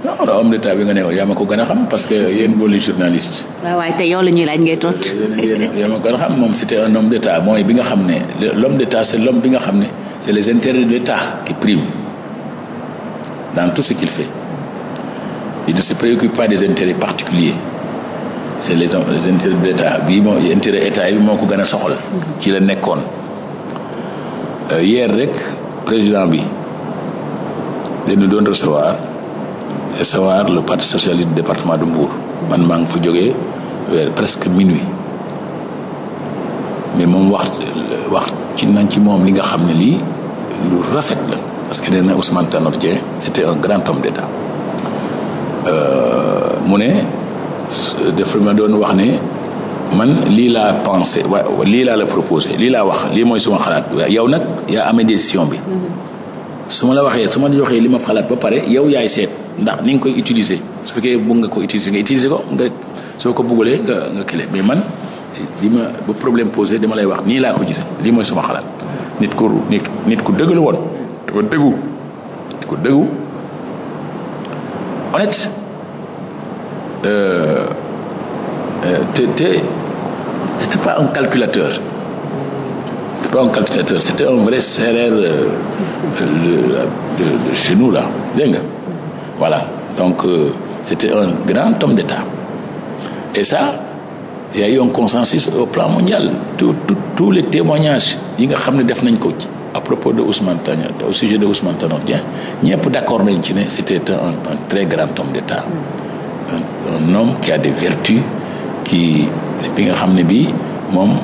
non non homme d'état bi nga ne ko yaa ma ko gën a xam parce que yéen boo journaliste. waaw waay te yow la laaj ngay tontu. yaa ma ko gën a xam moom c'était un homme d'état mooy bi nga xam ne l'homme d'état c'est l'homme bi nga xam ne c'est les intérêts de l'état qui priment dans tout ce qu'il fait il ne se préoccupe pas des intérêts particuliers c'est les les intérêts de l'état bii moo intérêt état bi moo ko gën a soxal. ci la nekkoon. Euh, hier rek président bi dañu doon recevoir. et savoir le parti socialiste du département de Mbour man maa ngi fa jógee vers presque minuit mais moom wax wax ci nañ ci moom li nga xam ne lii lu rafet la parce que nee na Ousmane Tanor Dieng c'était un grand homme d'État euh, mu ne dafa ma doon wax ne man lii laa pensé wa lii laa la proposé lii laa wax lii mooy suma xalaat yow nag yaa amee décision bi mm-hmm. su ma la waxee suma ma joxee li ma xalaat ba pare yow yaay seet ndax ni nga koy utiliser su fekkee bëgg nga ko utiliser nga utiliser ko nga soo ko bëggalee nga nga kële mais man li ma ba problème posé dama lay wax nii laa ko gisee lii mooy suma xalaat nit ku nit nit ku dëgg la woon dafa dëggu ku dëggu honnête euh, euh, te te c'était pas un calculateur c'était pas un calculateur c'était un vrai sérère euh, de de chez nous Voilà. Donc, euh, c'était un grand homme d'État. Et ça, il y a eu un consensus au plan mondial. Tous les témoignages, yi nga xam ne def nañ ko ci à propos de Ousmane Tanor au sujet de Ousmane ñëpp d'accord nañ ci ne c'était un un très grand homme d'État un, un homme a des vertus qui bi nga xam ne bii moom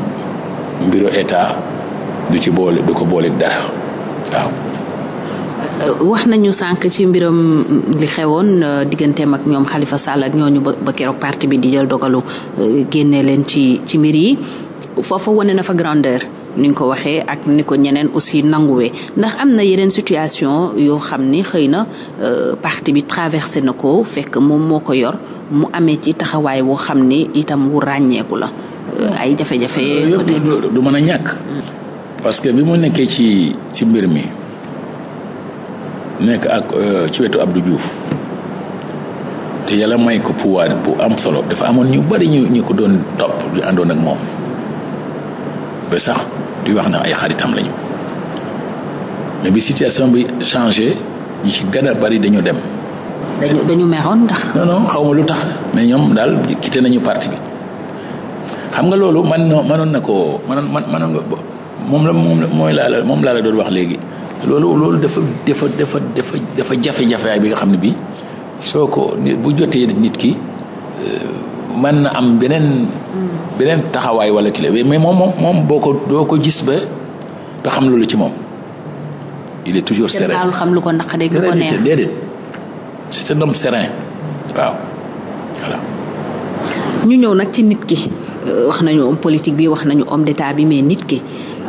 mbiru état du ci boole du ko booleeg dara waaw Euh, wax nañu sànq ci mbiram li xewoon euh, digganteem ak ñoom xalifa Sall ak ñooñu ba keroog parti bi di jël dogalu euh, génne leen ci ci mbir yi foofa wane na fa grandeur ni ko waxee ak ni ko ñeneen aussi nanguwe ndax am na yeneen situation yoo xam ni xëy na parti bi traversé na ko fekk moom moo ko yor mu amee ci taxawaay woo xam ni itam wu ràññeeku la ay jafe-jafe du mën a ñàkk mm. parce que bi mu nekkee ci ci mbir mi nekk ak euh, ci wetu Abdou Diouf te yàlla may ko pouvoir bu am solo dafa amoon ñu bari ñu ñu ko doon topp di àndoon ak moom ba sax di wax na ay xaritam lañu mais bi situation bi changé ñi ci gën a bari dañu dem. dañu dañu meroon ndax. non non xaw ma lu tax mais ñoom daal quitté nañu parti bi xam nga loolu man mënoon na koo mënoon man mënoon moom la moom la mooy laa la moom laa la doon wax léegi. loolu loolu dafa dafa dafa dafa dafa jafe-jafe bi nga xam ne bi soo ko bu jotee nit ki euh, mën na am beneen beneen taxawaay wala kile mais moom moom boo ko doo ko gis ba ba xam loolu ci moom il est toujours serein lu ko naq dégg lu ko neex déedéet c'est un homme waaw ñu ñëw nag ci nit ki euh, wax nañu homme politique bi wax nañu homme d'état bi mais nit ki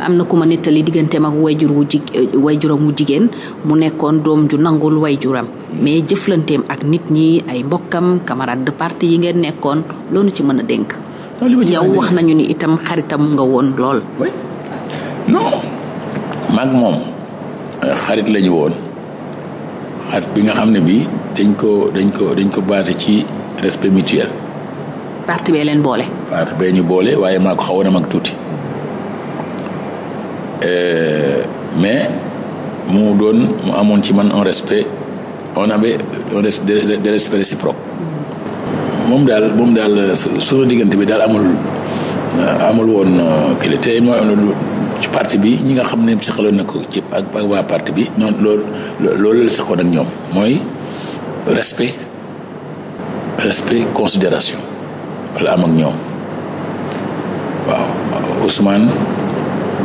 am na ku ma nettali digganteem ak wayjur wu ji wayjuram wu jigéen mu nekkoon doom ju nangul wayjuram mais jëflanteem ak nit ñi ay mbokkam camarade de yi ngeen nekkoon loolu ci mën a dénk. Ah, yow wax nañu ni itam xaritam nga woon lool. non maag moom euh, xarit lañu woon xarit bi nga xam ne bi dañ ko dañ ko dañ ko baate ci respect mutuel. parti bee leen boole. parti bee ñu boole waaye maa ko xawoon a mag tuuti. Euh, mais mu doon mu amoon ci man un respect on avait un des respect réciproque moom daal moom daal suñu diggante bi daal amul euh, amul woon euh, kële te mooy ci parti bi ñi nga xam ne seqaloon na ko ci ak ak waa parti bi noonu loolu loolu la ak ñoom mooy respect respect considération wala am ñoom waaw Ousmane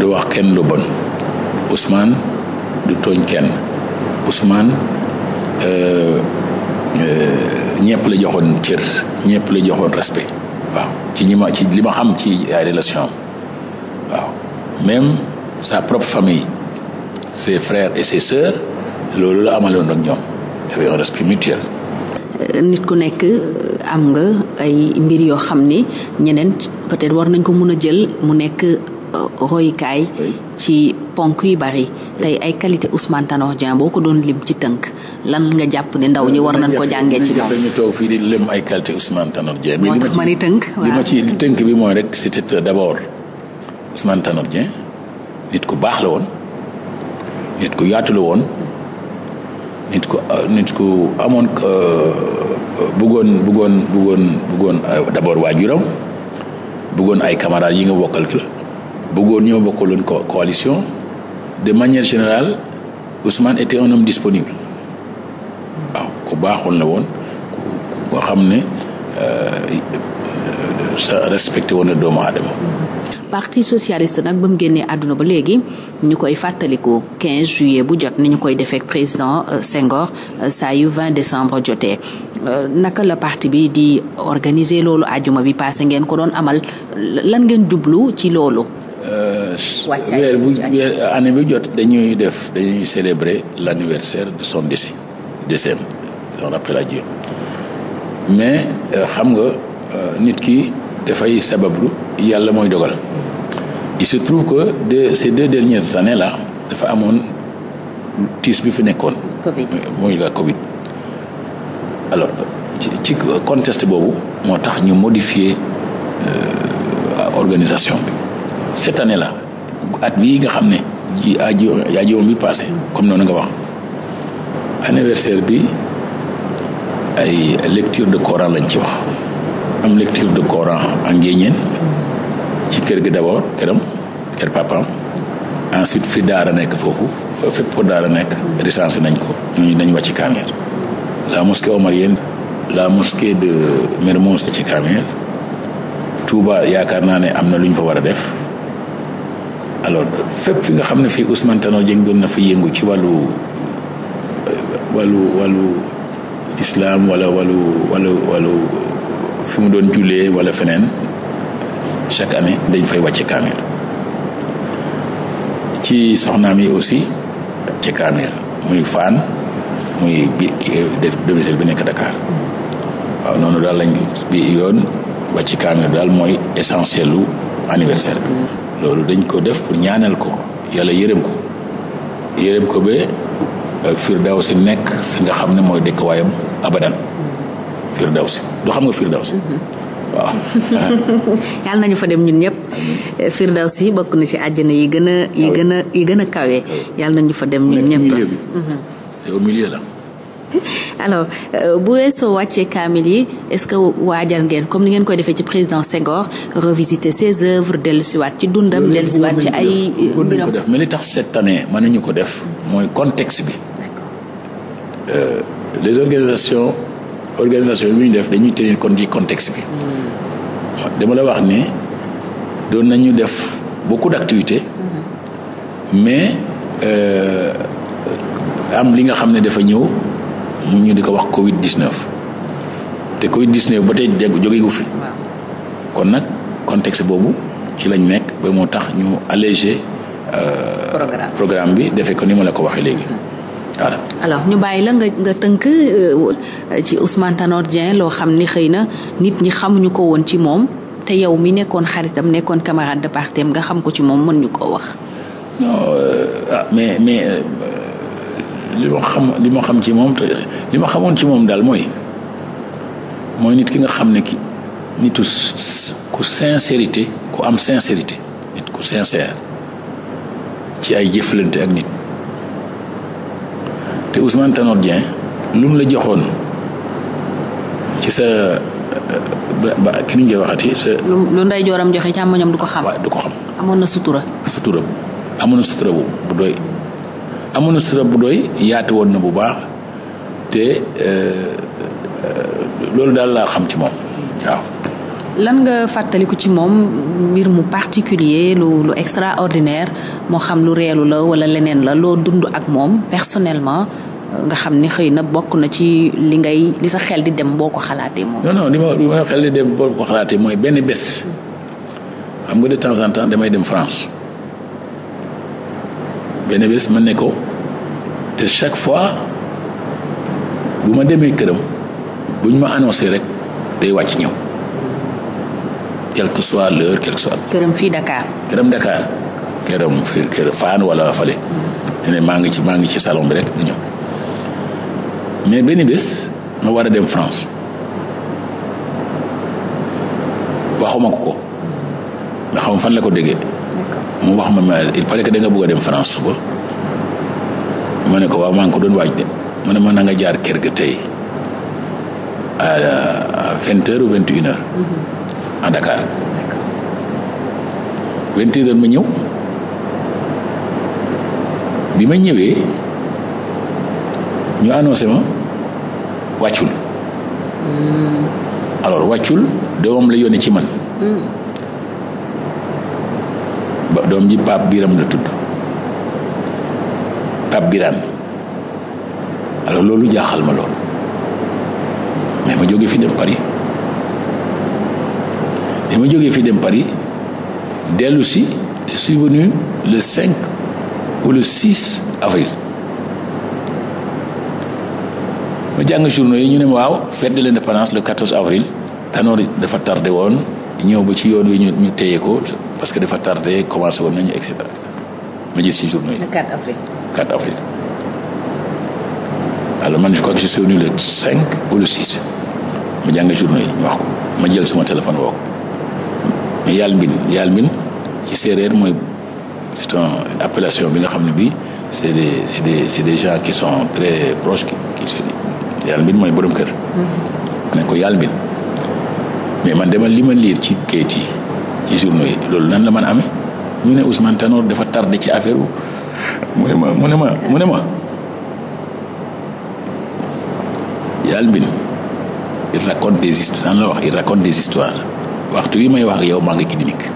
du wax kenn lu bon Ousmane du tooñ kenn Ousmane euh, euh, ñëpp la joxoon cër ñëpp la joxoon respect waaw ci ñi ma ci li ma xam ci ay relation waaw même sa propre famille ses frères et ses sœurs loolu la amaloon ak ñoom avait respect mutuel. Euh, nit ku nekk am nga ay mbir yoo xam ni ñeneen peut-être war nañ ko mun a jël mu nekk. royukaay ci ponk yu bari tey ay qualité Ousmane Tanor Dieng boo ko doon lim ci tënk lan nga jàpp ne ndaw ñi war nañ ko jàngee ci moom ñu fii di lim ay qualité Ousmane Tanor Dieng moo tax ma ni tënk li ma ci tënk bi mooy rek c'était d'abord Ousmane Tanor Dieng nit ku baax la woon nit ku yaatu la woon nit ku nit ku amoon euh, bëggoon bëggoon bëggoon bëggoon euh, d'abord waajuram bëggoon ay camarades yi nga bokkal ki bëggoon ñoo bokkaloon coalition de manière générale Ousmane était un homme disponible waaw ku la woon ku xam ne euh, sa respecté woon doomu adama parti socialiste nag ba mu génnee àdduna ba léegi ñu koy fàttaliku 15 juillet bu jot ni ñu koy defee ak président euh, Senghor euh, saa yu 20 décembre jotee naka la parti bi di organiser loolu ajuma bi passé ngeen ko doon amal lan ngeen jublu ci loolu. Euh, weer bu weer année bi jot dañuy def dañuy célébrer l' anniversaire de son décès décès son rappel à mais euh, xam nga euh, nit ki dafay sabablu yàlla mooy dogal il se trouve que de ces deux dernières années là dafa amoon tiis bi fi nekkoon mooy la Covid alors ci contexte boobu moo tax ñu modifier organisation bi cette année la at bii nga xam ne ji aji aji bi passé comme noonu nga wax anniversaire bi ay lecture de Coran lañ ci wax am lecture de Coran en ngéeñeen ci kër gi d'abord këram kër papaam ensuite fi daara nekk foofu fépp ko daara nekk recensé nañ ko ñooñu dañ wàcc Kamiel la mosquée omarienne la mosquée de Mermoz ci Kamiel Touba yaakaar naa ne am na lu fa war a def alors fépp fi nga xam ne fii Ousmane Tanor jëng doon na fa yëngu ci wàllu wallu euh, wàllu islam wala wallu wàllu wàllu fi mu doon jullee wala feneen chaque année dañ fay wàcce kaamir ci soxnaam yi aussi ci kaamir muy Fann muy bi domicile bi nekk Dakar waaw noonu daal lañ bi yoon wàcce kaamir daal mooy essentiel lu anniversaire loolu dañ ko def pour ñaanal ko yàlla yërëm ko yërëm ko ba euh, firdawsi nekk fi nga xam ne mooy dëkkuwaayam abadan firdawsi du xam nga firdawsi waaw yàlla nañu fa dem ñun ñëpp si bokk na ci àjjana yi gën a yi ah gën a yi gën a kawe ah yàlla nañu fa dem ñun ñëpp alors euh, bu weesoo wàccee kaamil yi est-ce que waajal ngeen comme ni ngeen koy defee ci président Senghor revisiter ses œuvres dellusiwaat ci dundam dellusiwaat ci ay mbiram mais li tax cette année mënuñu ko def mooy contexte bi euh, les organisations organisation bi ñu def dañuy tenir compte ci contexte bi hmm. dama la wax ni doon nañu def beaucoup activité hmm. mais euh, am li nga xam ne dafa ñëw mu ñu di ko wax Covid 19 te Covid 19 ba tey dégg jóge gu fi kon nag contexte boobu ci lañ nekk ba moo tax ñu allégé. Euh, programme programme bi defe ko ni ma la ko waxee léegi. Hmm. voilà alors ñu bàyyi la nga nga tënk euh, ci Ousmane Tanor Dieng loo xam ni xëy na nit ñi xamuñu ko woon ci moom te yow mi nekkoon xaritam nekkoon camarade de nga xam ko ci moom mën ñu koo wax. Euh, ah, mais mais li ma xam li ma xam ci moom li ma xamoon ci moom daal mooy mooy nit ki nga xam ne ki nitu ku sincérité ku am sincérité nit ku sincère ci ay jëflante ak nit te Ousmane Tanor Dieng lu mu la joxoon ci sa ba ba ki ñu koy waxati sa. lu lu ndey jooram joxe càmmoñam du ko xam. waaw du ko xam. amoon na sutura. sutura amoon na bu doy amoon na sutura bu doy yaatu woon na bu baax. te euh, euh, loolu daal laa xam ci moom waaw. lan nga fàttaliku ci moom mbir mu particulier lu lu extraordinaire moo xam lu reelu la wala leneen la loo dund ak moom personnellement nga xam ni xëy na bokk na ci li ngay li sa xel di dem boo ko xalaatee moom. boo ko mooy benn bés. xam nga de temps en temps damay dem France benn bés ma ne te chaque fois. bu ma demee këram bu ñu ma annoncé rek day wàcc ñëw quelle que soit l'heure quelle que këram fii dakaar këram Dakar këram fii kër Fann wala fale maa ngi ci maa ngi ci salon bi rek du ñëw mais benn bés ma war a dem France waxuma ko ko nga xam fan la ko déggee. mu wax ma ma il paraît que da nga bëgg dem France suba ma ne ko waaw maa ngi ko doon waaj de. mu ne ma na nga jaar kër ga tey à vingt heures ou vingt une mm-hmm. Dakar vingt ma ñëw bi ma ñëwee ñu annoncé ma wàccul mm. alors wàccul doomam la yónnee ci man mm. ba doom ji Pape Biram la tudd Pape Biram alors loolu jaaxal ma lool mais ma jógee fi dem Paris mais ma jógee fi dem Paris dellu si je suis le 5 ou le 6 avril ma jàng journaux yi ñu ne ma waaw fête de l'indépendance le 14 avril Tanor dafa tardé woon ñëw ba ci yoon wi ñu ñu téye ko parce que dafa tardé commencé woon nañu et cetera ma gis ci journaux yi. le avril. alors man je crois que je suis venu le 5 ou le 6 ma jàng jël sama téléphone woo mais yaal mbin yaal mbin ci séeréer mooy c'est une appellation bi nga xam ne bii c'est des c'est des c'est des gens qui son très proches qui qui yaal mbin mooy borom kër. Mm-hmm. nañ ko yaal mbin mais man demal li ma liir ci kayit yi ci journaux yi loolu nan la man amee mu ne Ousmane Tanor dafa tardé ci affaire mu mu ne ma mu ne ma. yàlla il raconte raconte des histoires waxtu wi may wax ak yow maa ngi clinique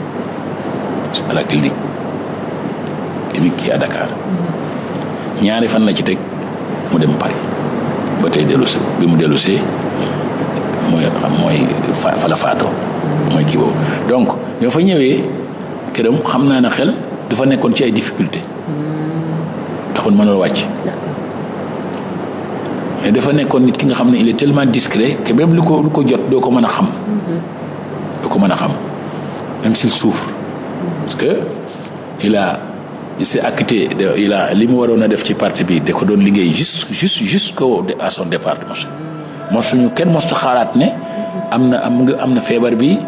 su à la clinique clinique kii à ñaari fan la ci teg mu dem Paris ba tey dellu si bi mu dellu mooy xam faatoo mooy kii donc ñoo fa ñëwee këram xam naa ne xel dafa nekkoon ci ay difficultés taxul mënul wàcc mais dafa nekkoon nit ki nga xam ne il est tellement discret que même lu ko lu ko jot doo ko mën a xam. doo ko mën a xam même s'il souffre. parce que il a il s'est acquitté il a li mu waroon a def ci parti bi da ko doon liggéey juste juste jusqu'au à son départ mos. mos suñu kenn mosut xaraat ne. am na am nga am na feebar bi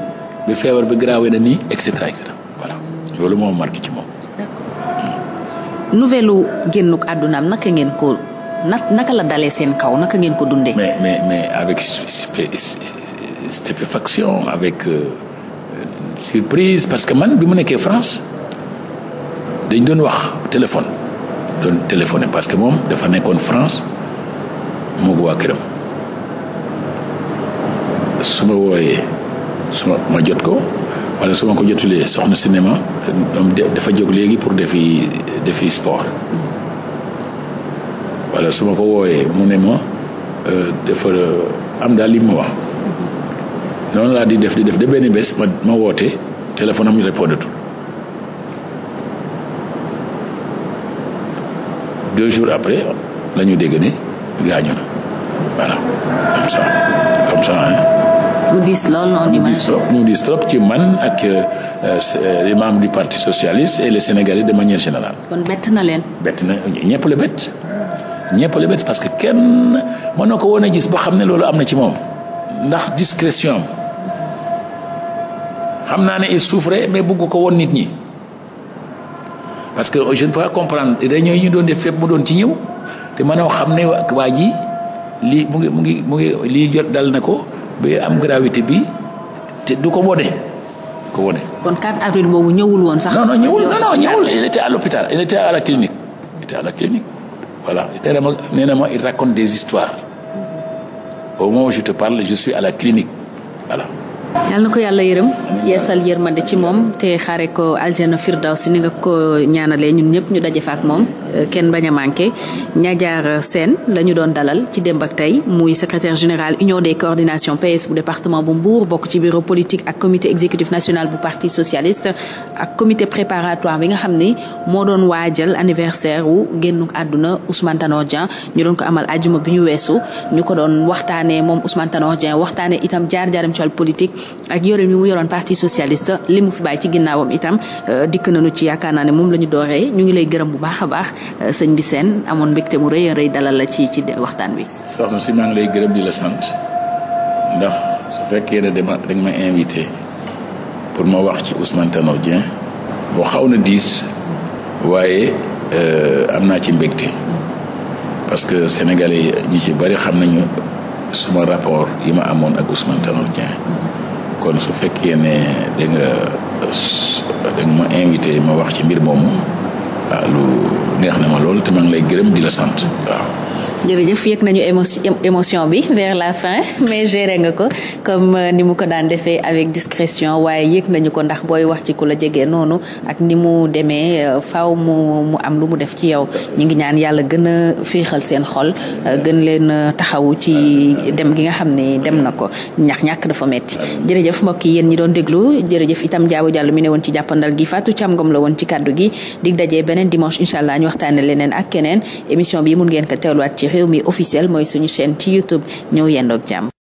bi feebar bi graawee na nii et cetera et cetera voilà loolu moo marqué ci moom. d'accord nouvelle génnuk àddunaam naka ngeen na naka la dalee seen kaw naka ngeen ko dundee. mais mais mais avec stupéfaction avec euh, surprise parce que man bi mu nekkee France dañ doon wax téléphone doon téléphone parce que moom dafa nekkoon France moo ko waa këram su ma wooyee su ma jot ko walla su ma ko jotulee soxna cinéma dafa jóg léegi pour defi defi sport. voilà su ma ko wooyee mu ne ma euh, dafa am daal li mu wax noonu laa di def di def de benn bés ma ma woote téléphone am répondre tout deux jours après la ñu dégg ne gaañu na voilà comme ça comme ça mu diis lool mu diis trop ci man ak euh, euh, les membres du parti socialiste et les sénégalais de manière générale. bett na leen. bett na ñëpp la bett. ñëpp la bett parce que kenn mën na ko woon a gis boo xam ne loolu am na ci moom ndax discrétion xam naa ne il souffrait mais buggu ko woon nit ñi parce que je ne peux pas comprendre réunion yi ñu doon def fépp mu doon ci ñëw te mënoo xam ne waa ji lii mu ngi mu ngi mu ngi lii jot dal na ko ba am gravité bi te du ko wone ko wone kon 4 avril boobu ñëwul woon sax. non non ñëwul non non ñëwul il était l'hôpital il était à la clinique. voilà nee ma nee na ma il raconte des histoires au moment où je te parle je suis à la clinique yal na ko yàlla yërëm yeesal yërmande ci moom te xaare ko aljana firdaw si ni nga ko ñaanalee ñun ñëpp ñu daje fa moom. kenn bañ a manqué Ñajaar Sène la ñu doon dalal ci démb ak tey muy secrétaire général union des coordinations PS bu département bu mbuur bokk ci bureau politique ak comité exécutif national bu parti socialiste ak comité préparatoire bi nga xam ni moo doon waajal anniversaire wu génnu àdduna Ousmane Tanor Dieng ñu doon ko amal àjjuma bu ñu weesu ñu ko doon waxtaanee moom Ousmane Tanor Dieng waxtaanee itam jaar-jaaram ci wàllu politique ak yorin mi mu yoroon parti socialiste li mu fi bàyyi ci ginnaawam itam euh, dikk nanu ci yaakaar naa ne moom la ñu dooree ñu ngi lay gërëm bu baax baax Euh, sëñ bi seen amoon mbégte mu rëy a rëy dalal la ci waxtaan wi. soxna si maa ngi lay gërëm di la sant ndax su fekkee ne dama ma invité pour ma wax ci Ousmane Tanor Dieng xaw na diis waaye euh, am naa ci mbégte parce que sénégalais ci bari xam nañu suma rapport yi ma amoon ak Ousmane Tanor kon su fekkee ne da nga ma invité ma wax ci mbir moomu. waaw lu neex na ma lool te maa ngi lay gërëm di la sant waaw. jërëjëf yëg nañu émotion émotion bi vers la fin mais géré nga ko comme euh, ni mu ko daan defee avec discrétion waaye yëg nañu ko ndax booy wax ci ku la jege noonu ak ni mu demee euh, faw mu mu am lu mu def ci yow ñu ngi ñaan yàlla gën a féexal seen xol euh, gën leen taxawu ci dem gi nga xam ne dem na ko ñax-ñàkk dafa metti jërëjëf mbokk yi yéen ñi doon déglu jërëjëf itam jaabu jàll mi ne woon ci jàppandal gi Fatou Thiam Ngom la woon ci kàddu gi dig dajee beneen dimanche i allah ñu waxtaane leneen ak keneen émission bi mun ngeen ko réew mi officiel mooy suñu chaîne ci YouTube ñëw yendoog jàmm